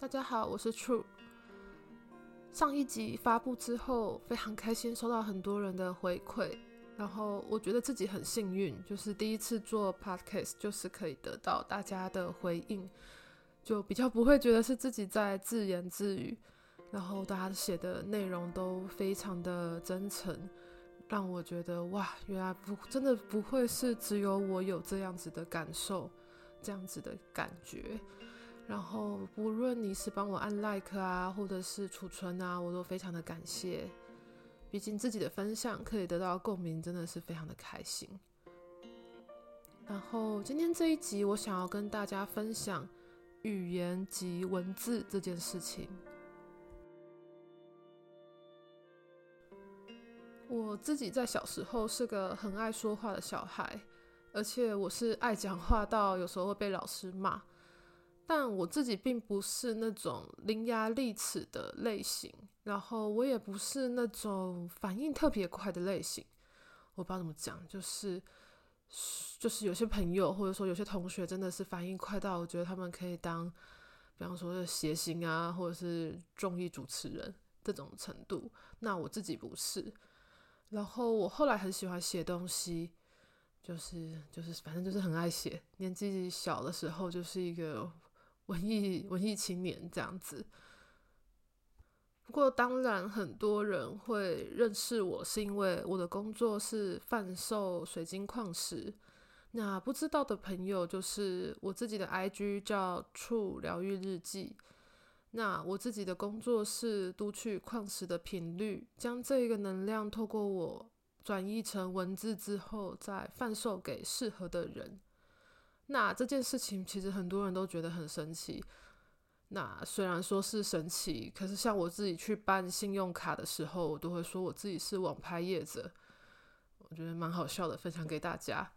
大家好，我是 True。上一集發布之後，非常開心收到很多人的回饋，然後我覺得自己很幸運，就是第一次做 Podcast，就是可以得到大家的回應，就比較不會覺得是自己在自言自語。然後大家寫的內容都非常的真誠，讓我覺得哇，原來不，真的不會是只有我有這樣子的感受，這樣子的感覺。然後，無論你是幫我按 like 啊，或者是儲存啊，我都非常的感謝。畢竟自己的分享可以得到共鳴，真的是非常的開心。然後，今天這一集我想要跟大家分享語言及文字這件事情。我自己在小時候是個很愛說話的小孩，而且我是愛講話到有時候會被老師罵。但我自己並不是那種伶牙俐齒的類型，然後我也不是那種反應特別快的類型。我不知道怎麼講，就是就是有些朋友或者說有些同學真的是反應快到我覺得他們可以當，比方說諧星啊，或者是綜藝主持人這種程度。那我自己不是。然後我後來很喜歡寫東西，就是就是反正就是很愛寫，年紀小的時候就是一個。文藝文藝青年這樣子，不過當然很多人會認識我是因為我的工作是販售水晶礦石。那不知道的朋友，就是我自己的 I G 叫處療癒日記。那我自己的工作是讀取礦石的頻率，將這個能量透過我轉譯成文字之後，再販售給適合的人。那這件事情其實很多人都覺得很神奇。那雖然說是神奇，可是像我自己去辦信用卡的時候，我都會說我自己是網拍業者，我覺得蠻好笑的，分享給大家。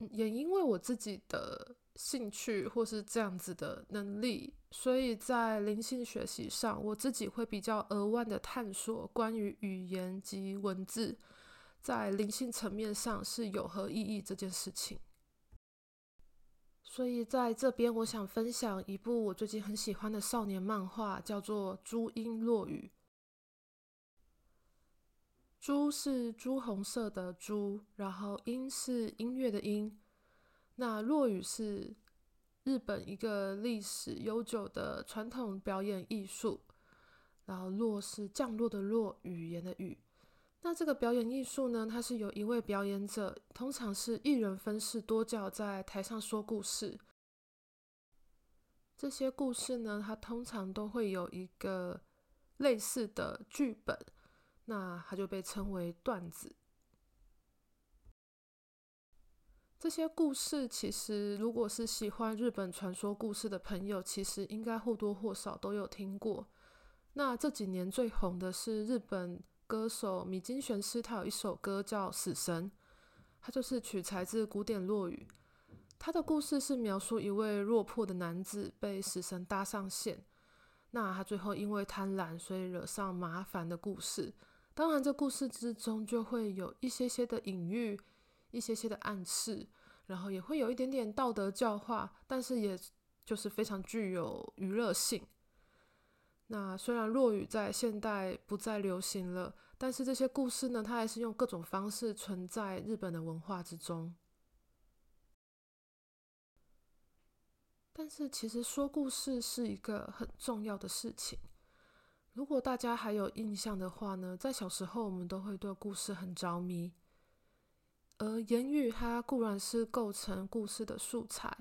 嗯，也因為我自己的興趣或是這樣子的能力，所以在靈性學習上，我自己會比較額外的探索關於語言及文字。在靈性層面上是有何意義這件事情？所以在這邊，我想分享一部我最近很喜歡的少年漫畫，叫做《朱音落語》。朱是朱紅色的朱，然後音是音樂的音。那落語是日本一個歷史悠久的傳統表演藝術，然後落是降落的落，語言的語。那這個表演藝術呢，它是有一位表演者，通常是一人分飾多角，在台上說故事。這些故事呢，它通常都會有一個類似的劇本，那它就被稱為段子。這些故事其實，如果是喜歡日本傳說故事的朋友，其實應該或多或少都有聽過。那這幾年最紅的是日本，歌手米津玄師，他有一首歌叫《死神》，他就是取材自古典《落語》，他的故事是描述一位落魄的男子被死神搭上線，那他最後因為貪婪所以惹上麻煩的故事。當然，這故事之中就會有一些些的隱喻，一些些的暗示，然後也會有一點點道德教化，但是也就是非常具有娛樂性。那雖然落語在現代不再流行了，但是這些故事呢，它還是用各種方式存在日本的文化之中。但是其實說故事是一個很重要的事情。如果大家還有印象的話呢，在小時候我們都會對故事很着迷。而言語它固然是構成故事的素材，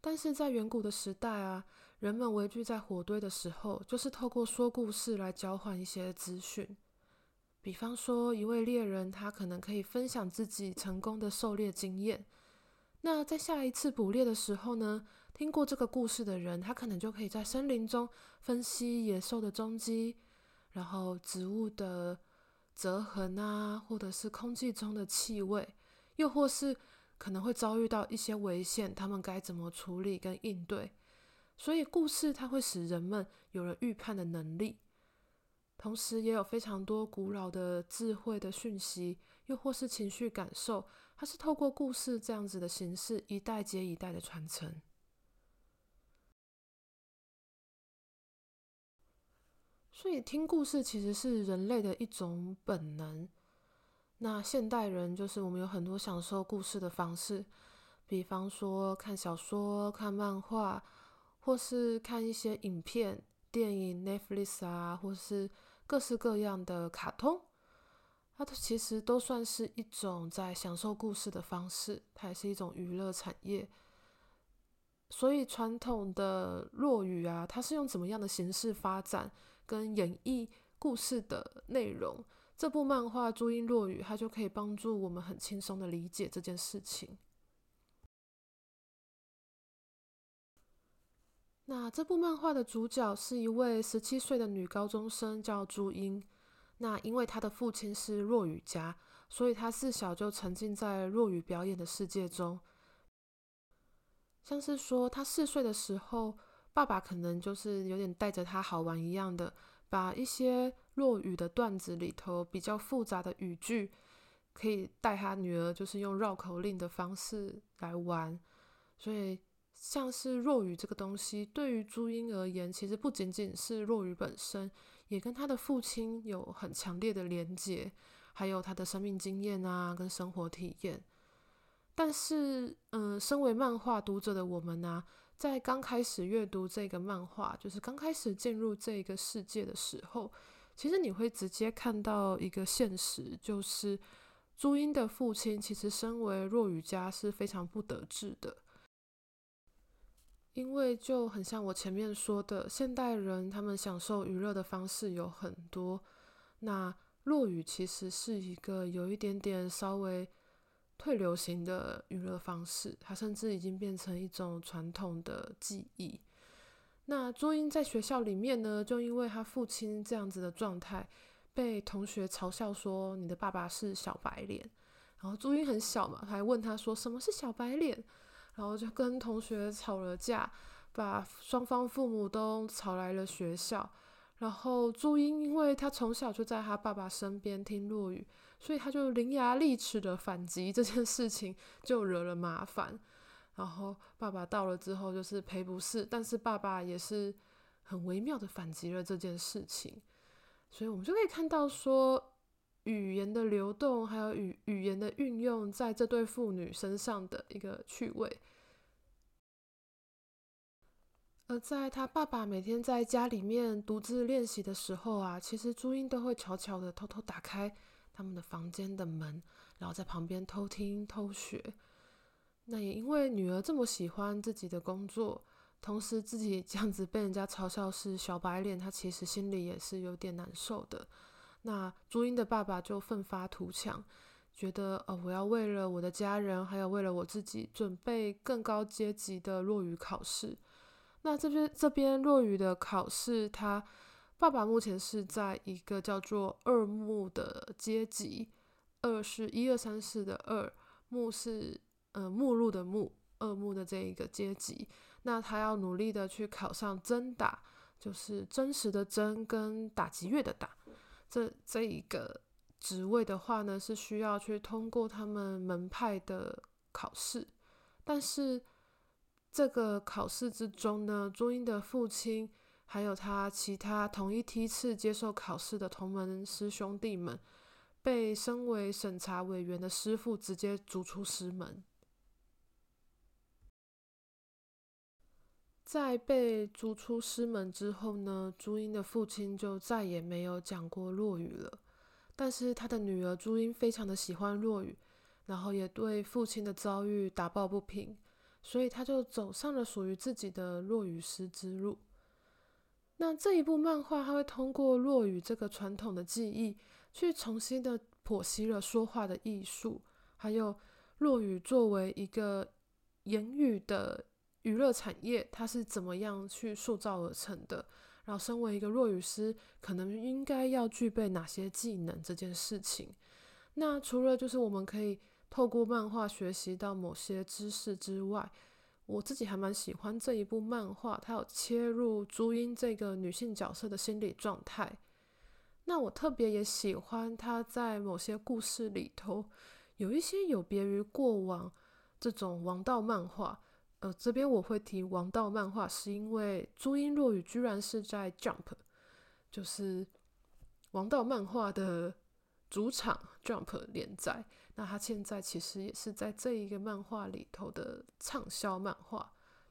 但是在遠古的時代啊。人們圍聚在火堆的時候，就是透過說故事來交換一些資訊。比方說，一位獵人他可能可以分享自己成功的狩獵經驗。那在下一次捕獵的時候呢，聽過這個故事的人，他可能就可以在森林中分析野獸的蹤跡，然後植物的折痕啊，或者是空氣中的氣味，又或是可能會遭遇到一些危險，他們該怎麼處理跟應對。所以，故事它會使人們有了預判的能力，同時也有非常多古老的智慧的訊息，又或是情緒感受，它是透過故事這樣子的形式一代接一代的傳承。所以，聽故事其實是人類的一種本能。那現代人就是我們有很多享受故事的方式，比方說看小說、看漫畫。或是看一些影片、電影、Netflix 啊，或是各式各樣的卡通，它其實都算是一種在享受故事的方式，它也是一種娛樂產業。所以傳統的落語啊，它是用怎麼樣的形式發展跟演繹故事的內容？這部漫畫《朱音落語》，它就可以幫助我們很輕鬆的理解這件事情。那這部漫畫的主角是一位十七歲的女高中生，叫朱音。那因為她的父親是落語家，所以她自小就沉浸在落語表演的世界中。像是說，她四歲的時候，爸爸可能就是有點帶着她好玩一樣的，把一些落語的段子裡頭比較複雜的語句，可以帶她女兒就是用繞口令的方式來玩，所以。像是落語這個東西，對於朱音而言，其實不僅僅是落語本身，也跟他的父親有很強烈的連接，還有他的生命經驗啊，跟生活體驗。但是，嗯、呃，身為漫畫讀者的我們呢、啊，在剛開始閱讀這個漫畫，就是剛開始進入這個世界的時候，其實你會直接看到一個現實，就是朱音的父親其實身為落語家是非常不得志的。因為就很像我前面說的，現代人他們享受娛樂的方式有很多。那落語其實是一個有一點點稍微退流行的娛樂方式，它甚至已經變成一種傳統的技藝。那朱音在學校裡面呢，就因為他父親這樣子的狀態，被同學嘲笑說：“你的爸爸是小白臉。”然後朱音很小嘛，還問他說：“什麼是小白臉？”然後就跟同學吵了架，把雙方父母都吵來了學校。然後朱音因為她從小就在他爸爸身邊聽落語，所以他就伶牙俐齒的反擊這件事情，就惹了麻煩。然後爸爸到了之後就是賠不是，但是爸爸也是很微妙的反擊了這件事情，所以我們就可以看到說語言的流動，還有語語言的運用，在這對父女身上的一個趣味。而在他爸爸每天在家裡面獨自練習的時候啊，其實朱音都會悄悄的偷偷打開他們的房間的門，然後在旁邊偷聽偷學。那也因為女兒這麼喜歡自己的工作，同時自己這樣子被人家嘲笑是小白臉，他其實心裡也是有點難受的。那朱音的爸爸就奮發圖強，覺得呃，我要為了我的家人，還有為了我自己，準備更高階級的落語考試。那這邊這邊落語的考試，他爸爸目前是在一個叫做二目的階級，二是一二三四的二，目是呃目錄的目，二目的這一個階級。那他要努力的去考上真打，就是真實的真跟打擊樂的打。這這一個職位的話呢，是需要去通過他們門派的考試，但是這個考試之中呢，朱音的父親還有他其他同一梯次接受考試的同門師兄弟們，被身為審查委員的師傅直接逐出師門。在被逐出師門之後呢，朱音的父親就再也沒有講過落語了。但是他的女兒朱音非常的喜歡落語，然後也對父親的遭遇打抱不平，所以他就走上了屬於自己的落語師之路。那這一部漫畫，他會通過落語這個傳統的技藝，去重新的剖析了說話的藝術，還有落語作為一個言語的。娛樂產業它是怎麼樣去塑造而成的？然後，身為一個落語師，可能應該要具備哪些技能？這件事情，那除了就是我們可以透過漫畫學習到某些知識之外，我自己還蠻喜歡這一部漫畫，它有切入朱音這個女性角色的心理狀態。那我特別也喜歡她在某些故事裡頭有一些有別於過往這種王道漫畫。呃，這邊我會提《王道漫畫》，是因為《朱音落語》居然是在《Jump》，就是《王道漫畫》的主場《Jump》連載。那它現在其實也是在這一個漫畫裡頭的暢銷漫畫，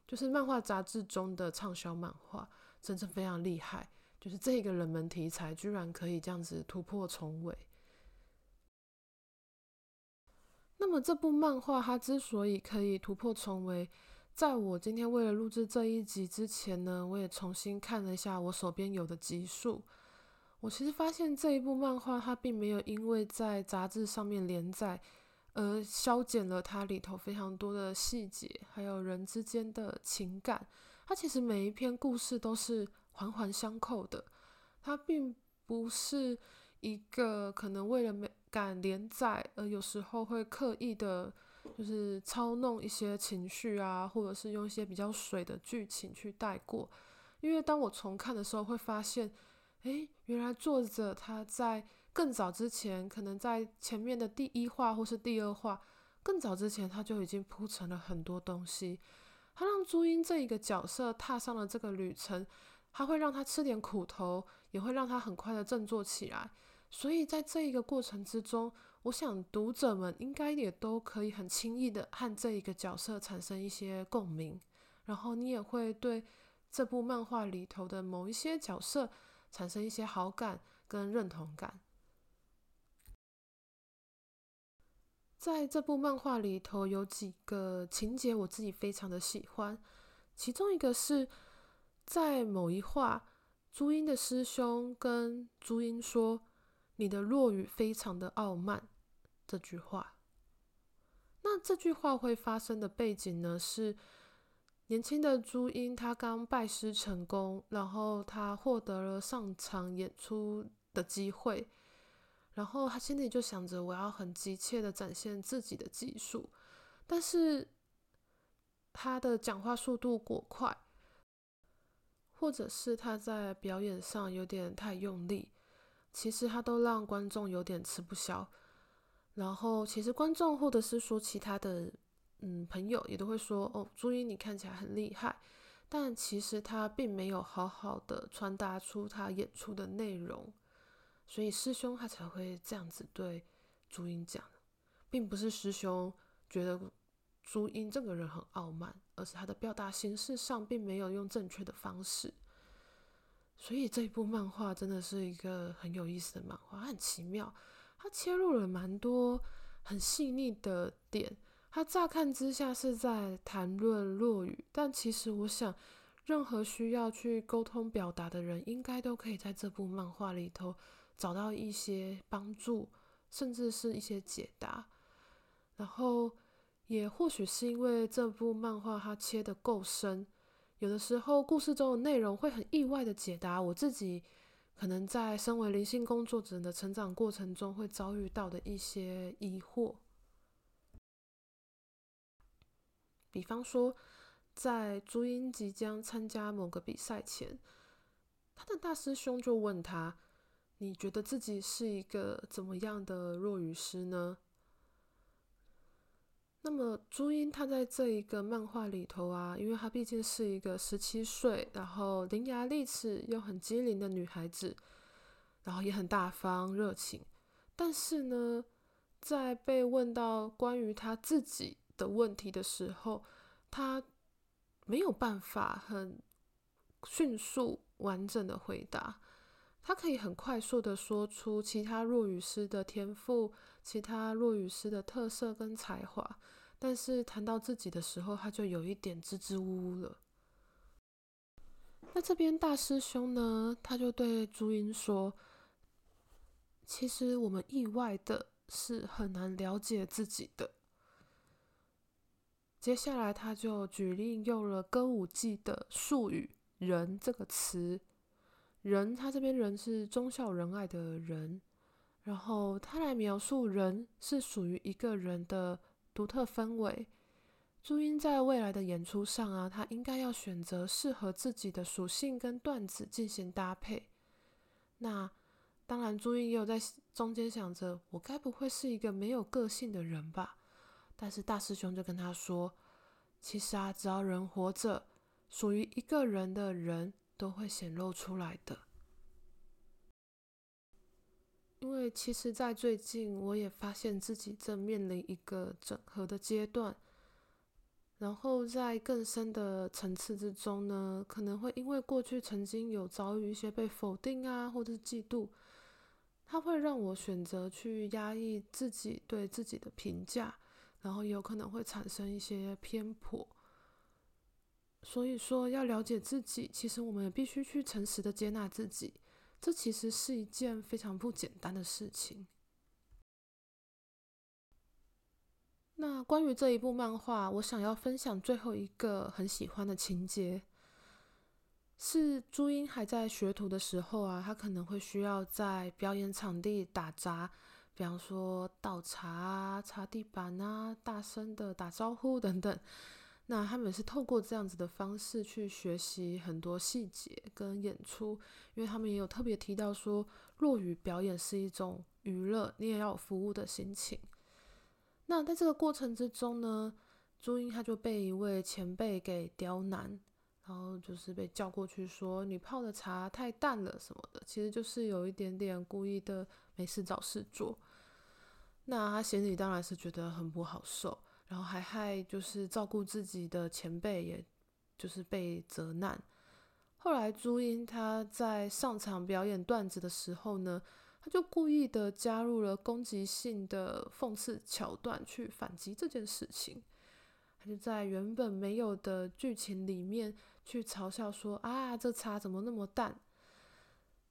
就是漫畫雜誌中的暢銷漫畫，真正非常厲害。就是這一個冷門題材居然可以這樣子突破重圍。那麼這部漫畫它之所以可以突破重圍，在我今天為了錄製這一集之前呢，我也重新看了一下我手邊有的集數。我其實發現這一部漫畫它並沒有因為在雜誌上面連載而削減了它裡頭非常多的細節，還有人之間的情感。它其實每一篇故事都是環環相扣的，它並不是一個可能為了趕連載而有時候會刻意的。就是操弄一些情緒啊，或者是用一些比較水的劇情去帶過。因為當我重看的時候，會發現，誒，原來作者他在更早之前，可能在前面的第一話或是第二話，更早之前他就已經鋪陳了很多東西。他讓朱音這一個角色踏上了這個旅程，他會讓他吃點苦頭，也會讓他很快的振作起來。所以在這一個過程之中。我想讀者們應該也都可以很輕易的和這一個角色產生一些共鳴，然後你也會對這部漫畫裡頭的某一些角色產生一些好感跟認同感。在這部漫畫裡頭有幾個情節，我自己非常的喜歡，其中一個是在某一話，朱音的師兄跟朱音說：“你的落語非常的傲慢。”這句話，那這句話會發生的背景呢，是年輕的朱音，他剛拜師成功，然後他獲得了上場演出的機會，然後他心裡就想着，我要很急切的展現自己的技術，但是他的講話速度過快，或者是他在表演上有點太用力，其實他都讓觀眾有點吃不消。然後，其實觀眾或者是說其他的，嗯，朋友也都會說：“哦，朱音你看起來很厲害，但其實他並沒有好好的傳達出他演出的內容。”所以師兄他才會這樣子對朱音講，並不是師兄覺得朱音這個人很傲慢，而是他的表達形式上並沒有用正確的方式。所以這一部漫畫真的是一個很有意思的漫畫，很奇妙。他切入了蠻多很細膩的點，他乍看之下是在談論落語，但其實我想，任何需要去溝通表達的人，應該都可以在這部漫畫裡頭找到一些幫助，甚至是一些解答。然後，也或許是因為這部漫畫它切得夠深，有的時候故事中的內容會很意外地解答我自己。可能在身為靈性工作者的成長過程中會遭遇到的一些疑惑，比方說，在朱音即將參加某個比賽前，他的大師兄就問他：“你覺得自己是一個怎麼樣的落語師呢？”那麼朱音她在這一個漫畫裡頭啊，因為她畢竟是一個十七歲，然後伶牙俐齒又很機靈的女孩子，然後也很大方熱情，但是呢，在被問到關於她自己的問題的時候，她沒有辦法很迅速完整的回答。他可以很快速的說出其他落語師的天賦、其他落語師的特色跟才華，但是談到自己的時候，他就有一點支支吾吾了。那這邊大師兄呢，他就對朱音說：“其實我們意外的是很難了解自己的。”接下來他就舉例用了歌舞伎的術語“人”這個詞。人，他這邊人是忠孝仁愛的人，然後他來描述人是屬於一個人的獨特氛圍。朱音在未來的演出上啊，她應該要選擇適合自己的屬性跟段子進行搭配。那當然，朱音也有在中間想着，我該不會是一個沒有個性的人吧？但是大師兄就跟他說，其實啊，只要人活着，屬於一個人的人。都會顯露出來的，因為其實，在最近，我也發現自己正面臨一個整合的階段。然後，在更深的層次之中呢，可能會因為過去曾經有遭遇一些被否定啊，或者是嫉妒，它會讓我選擇去壓抑自己對自己的評價，然後有可能會產生一些偏頗。所以說，要了解自己，其實我們也必須去誠實的接納自己，這其實是一件非常不簡單的事情。那關於這一部漫畫，我想要分享最後一個很喜歡的情節，是朱音還在學徒的時候啊，她可能會需要在表演場地打雜，比方說倒茶啊，擦地板啊，大聲的打招呼等等。那他們是透過這樣子的方式去學習很多細節跟演出，因為他們也有特別提到說，落語表演是一種娛樂，你也要有服務的心情。那在這個過程之中呢，朱音她就被一位前輩給刁難，然後就是被叫過去說，你泡的茶太淡了什麼的，其實就是有一點點故意的沒事找事做。那她心裡當然是覺得很不好受。然後還害就是照顧自己的前輩，也就是被責難。後來朱音她在上場表演段子的時候呢，她就故意的加入了攻擊性的諷刺橋段去反擊這件事情。她就在原本沒有的劇情裡面去嘲笑說：“啊，這茶怎麼那麼淡？”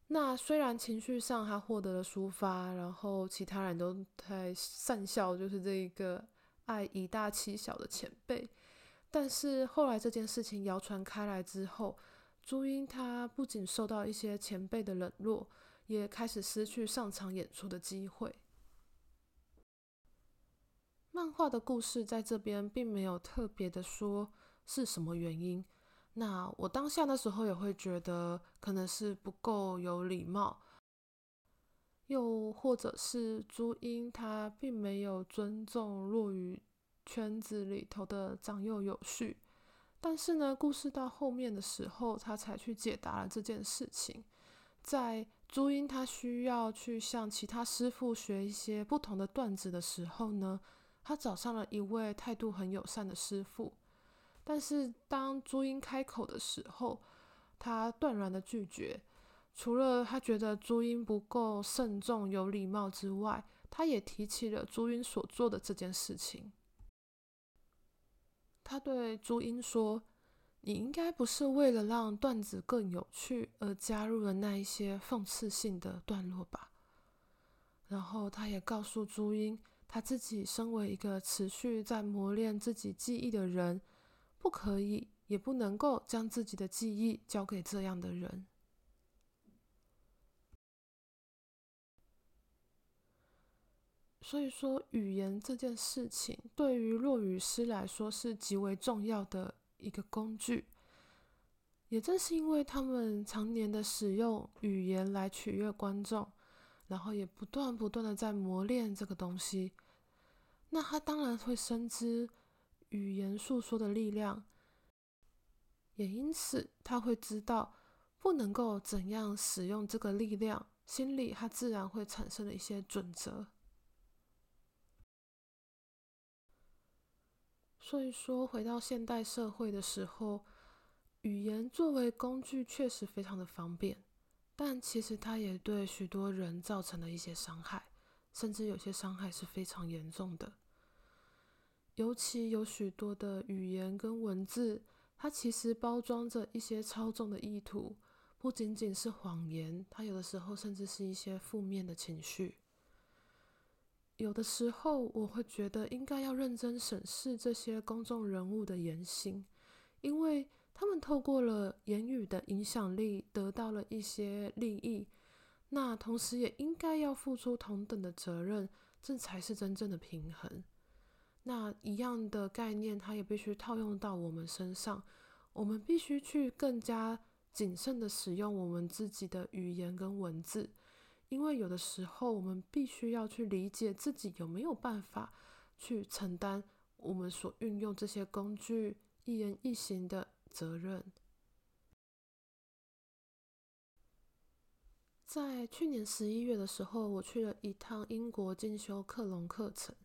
那雖然情緒上她獲得了抒發，然後其他人都在訕笑，就是這一個愛以大欺小的前輩，但是後來這件事情謠傳開來之後，朱音她不僅受到一些前輩的冷落，也開始失去上場演出的機會。漫畫的故事在這邊並沒有特別的說是什麼原因，那我當下的時候也會覺得可能是不夠有禮貌。又或者是朱音，他並沒有尊重落語圈子裡頭的長幼有序。但是呢，故事到後面的時候，他才去解答了這件事情。在朱音他需要去向其他師傅學一些不同的段子的時候呢，他找上了一位態度很友善的師傅。但是當朱音開口的時候，他斷然的拒絕。除了他覺得朱音不夠慎重，有禮貌之外，他也提起了朱音所做的這件事情。他對朱音說：“你應該不是為了讓段子更有趣而加入了那一些諷刺性的段落吧？”然後他也告訴朱音，他自己身為一個持續在磨練自己記憶的人，不可以也不能夠將自己的記憶交給這樣的人。所以說，語言這件事情對於落語師來說是極為重要的一個工具。也正是因為他們常年的使用語言來取悅觀眾，然後也不斷不斷的在磨練這個東西，那他當然會深知語言訴說的力量，也因此他會知道不能夠怎樣使用這個力量。心裡他自然會產生了一些準則。所以說，回到現代社會的時候，語言作為工具確實非常的方便，但其實它也對許多人造成了一些傷害，甚至有些傷害是非常嚴重的。尤其有許多的語言跟文字，它其實包裝着一些操縱的意圖，不僅僅是謊言，它有的時候甚至是一些負面的情緒。有的時候，我會覺得應該要認真審視這些公眾人物的言行，因為他們透過了言語的影響力得到了一些利益，那同時也應該要付出同等的責任，這才是真正的平衡。那一樣的概念，它也必須套用到我們身上，我們必須去更加謹慎的使用我們自己的語言跟文字。因為有的時候，我們必須要去理解自己有沒有辦法去承擔我們所運用這些工具一言一行的責任。在去年十一月的時候，我去了一趟英國進修克隆課程。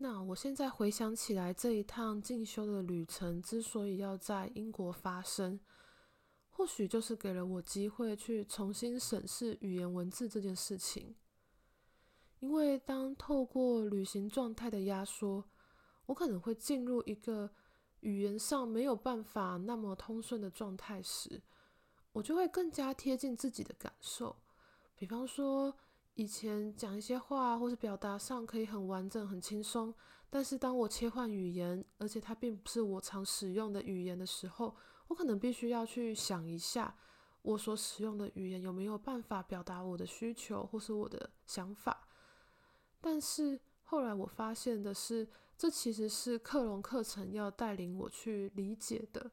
那我現在回想起來，這一趟進修的旅程之所以要在英國發生，或許就是給了我機會去重新審視語言文字這件事情，因為當透過旅行狀態的壓縮，我可能會進入一個語言上沒有辦法那麼通順的狀態時，我就會更加貼近自己的感受。比方說，以前講一些話或是表達上可以很完整、很輕鬆，但是當我切換語言，而且它並不是我常使用的語言的時候。我可能必須要去想一下，我所使用的語言有沒有辦法表達我的需求或是我的想法。但是後來我發現的是，這其實是克隆課程要帶領我去理解的。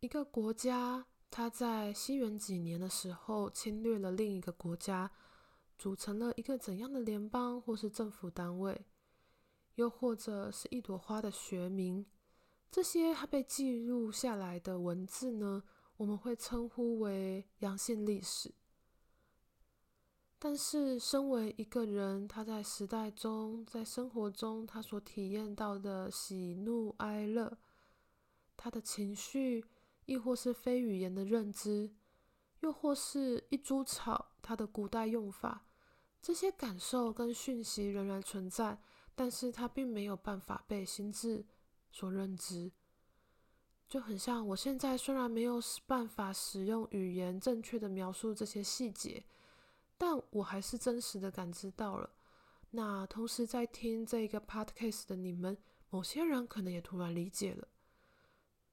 一個國家，它在西元幾年的時候侵略了另一個國家，組成了一個怎樣的聯邦或是政府單位？又或者是一朵花的學名，這些它被記錄下來的文字呢，我們會稱呼為陽性歷史。但是，身為一個人，他在時代中，在生活中，他所體驗到的喜怒哀樂，他的情緒，亦或是非語言的認知，又或是一株草，它的古代用法，這些感受跟訊息仍然存在。但是它並沒有辦法被心智所認知，就很像我現在雖然沒有辦法使用語言正確的描述這些細節，但我還是真實的感知到了。那同時在聽這一個 podcast 的你們，某些人可能也突然理解了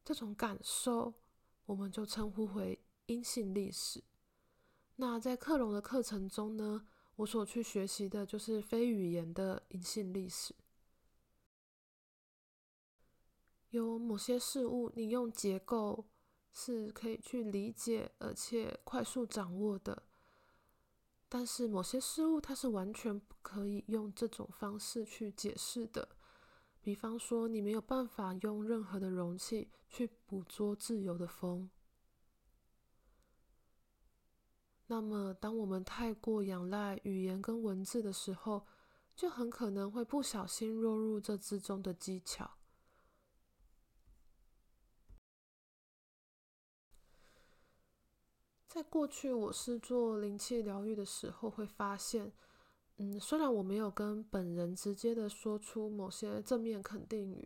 這種感受，我們就稱呼為陰性歷史。那在克隆的課程中呢，我所去學習的就是非語言的隱性歷史。有某些事物你用結構是可以去理解，而且快速掌握的；但是某些事物它是完全不可以用這種方式去解釋的。比方說，你沒有辦法用任何的容器去捕捉自由的風。那麼，當我們太過仰賴語言跟文字的時候，就很可能會不小心落入這之中的技巧。在過去，我是做靈氣療癒的時候，會發現，嗯，雖然我沒有跟本人直接的說出某些正面肯定語，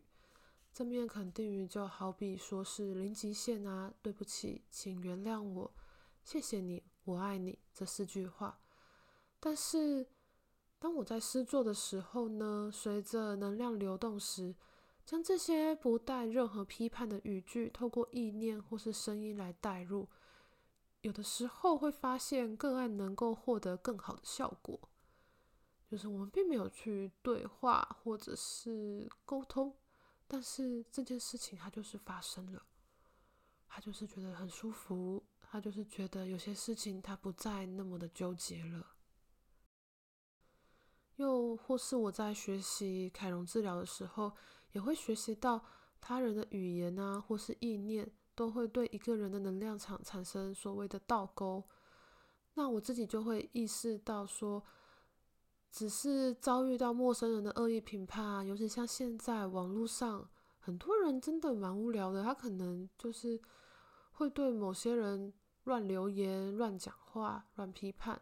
正面肯定語就好比說是零極限啊，對不起，請原諒我，謝謝你。我愛你這四句話，但是當我在施作的時候呢，隨着能量流動時，將這些不帶任何批判的語句，透過意念或是聲音來帶入，有的時候會發現個案能夠獲得更好的效果。就是我們並沒有去對話或者是溝通，但是這件事情它就是發生了，它就是覺得很舒服。他就是覺得有些事情他不再那麼的糾結了，又或是我在學習凱龍治療的時候，也會學習到他人的語言啊，或是意念都會對一個人的能量場產生所謂的倒鈎。那我自己就會意識到說，只是遭遇到陌生人的惡意評判，啊，尤其像現在網絡上很多人真的蠻無聊的，他可能就是會對某些人。亂留言、亂講話、亂批判，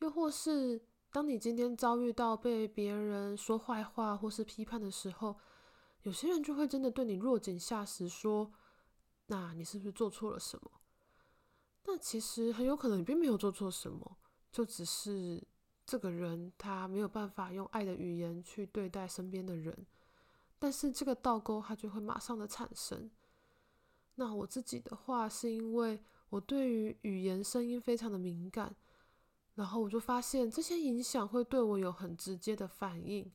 又或是當你今天遭遇到被別人說壞話或是批判的時候，有些人就會真的對你落井下石，說：“那你是不是做錯了什麼？”那其實很有可能你並沒有做錯什麼，就只是這個人他沒有辦法用愛的語言去對待身邊的人，但是這個倒鈎他就會馬上的產生。那我自己的話是因為。我對於語言聲音非常的敏感，然後我就發現這些影響會對我有很直接的反應，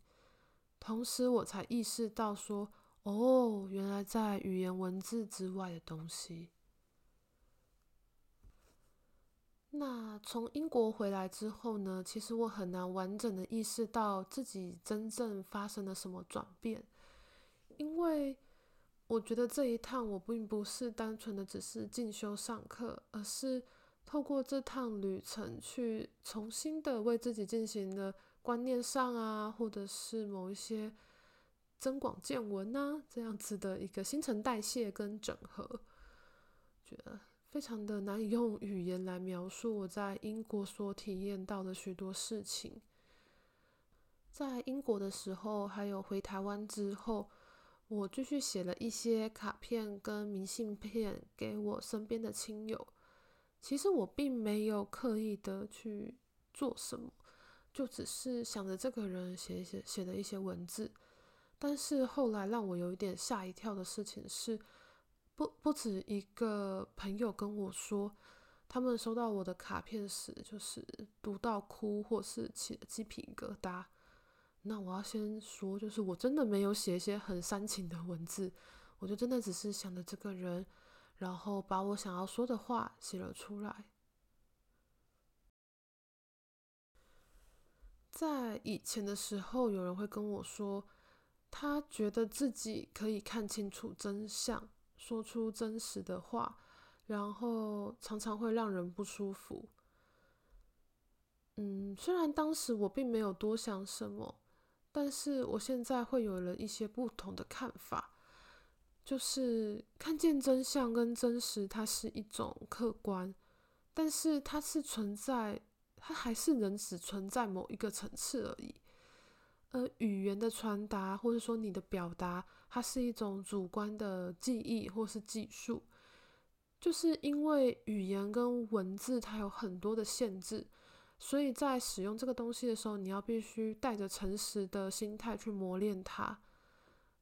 同時我才意識到說，哦，原來在語言文字之外的東西。那從英國回來之後呢，其實我很難完整的意識到自己真正發生了什麼轉變，因為。我覺得這一趟我並不是單純的只是進修上課，而是透過這趟旅程去重新的為自己進行的觀念上啊，或者是某一些增廣見聞吶這樣子的一個新陳代謝跟整合，覺得非常的難以用語言來描述我在英國所體驗到的許多事情，在英國的時候，還有回台灣之後。我繼續寫了一些卡片跟明信片給我身邊的親友，其實我並沒有刻意的去做什麼，就只是想着這個人寫寫寫的一些文字。但是後來讓我有一點嚇一跳的事情是，不不止一個朋友跟我說，他們收到我的卡片時，就是讀到哭或是起雞皮疙瘩。那我要先說，就是我真的沒有寫一些很煽情的文字，我就真的只是想着這個人，然後把我想要說的話寫了出來。在以前的時候，有人會跟我說，他覺得自己可以看清楚真相，說出真實的話，然後常常會讓人不舒服。嗯，雖然當時我並沒有多想什麼。但是我現在會有了一些不同的看法，就是看見真相跟真實，它是一種客觀，但是它是存在，它還是能只存在某一個層次而已。而語言的傳達，或者說你的表達，它是一種主觀的記憶或是技術，就是因為語言跟文字，它有很多的限制。所以在使用這個東西的時候，你要必須帶着誠實的心態去磨練它。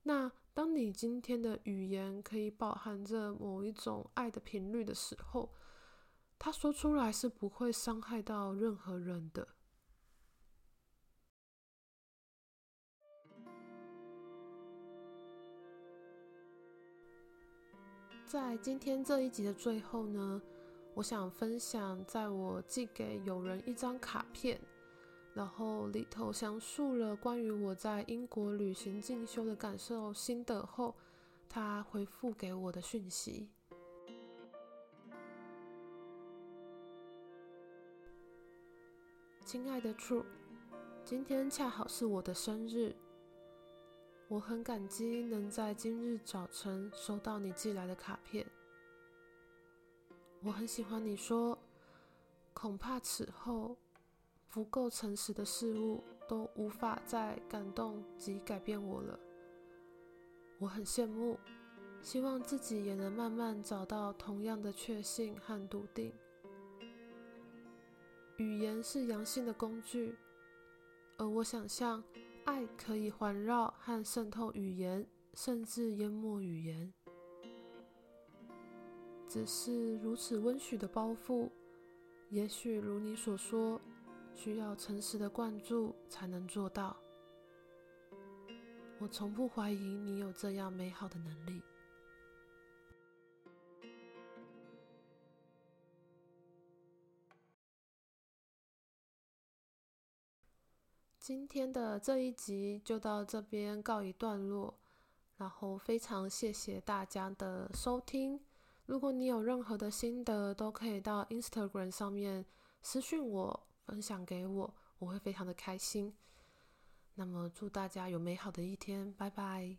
那當你今天的語言可以飽含着某一種愛的頻率的時候，它說出來是不會傷害到任何人的。在今天這一集的最後呢，我想分享，在我寄給友人一張卡片，然後裡頭詳述了關於我在英國旅行進修的感受心得後，他回復給我的訊息。親愛的 True，今天恰好是我的生日，我很感激能在今日早晨收到你寄來的卡片。我很喜歡你說，恐怕此後不夠誠實的事物都無法再感動及改變我了。我很羨慕，希望自己也能慢慢找到同樣的確信和篤定。語言是陽性的工具，而我想象愛可以環繞和滲透語言，甚至淹沒語言。只是如此溫煦的包覆，也許如你所說，需要誠實的灌注，才能做到。我從不懷疑你有這樣美好的能力。今天的這一集就到這邊告一段落，然後非常謝謝大家的收聽。如果你有任何的心得，都可以到 Instagram 上面私訊我，分享給我，我會非常的開心。那麼祝大家有美好的一天，拜拜。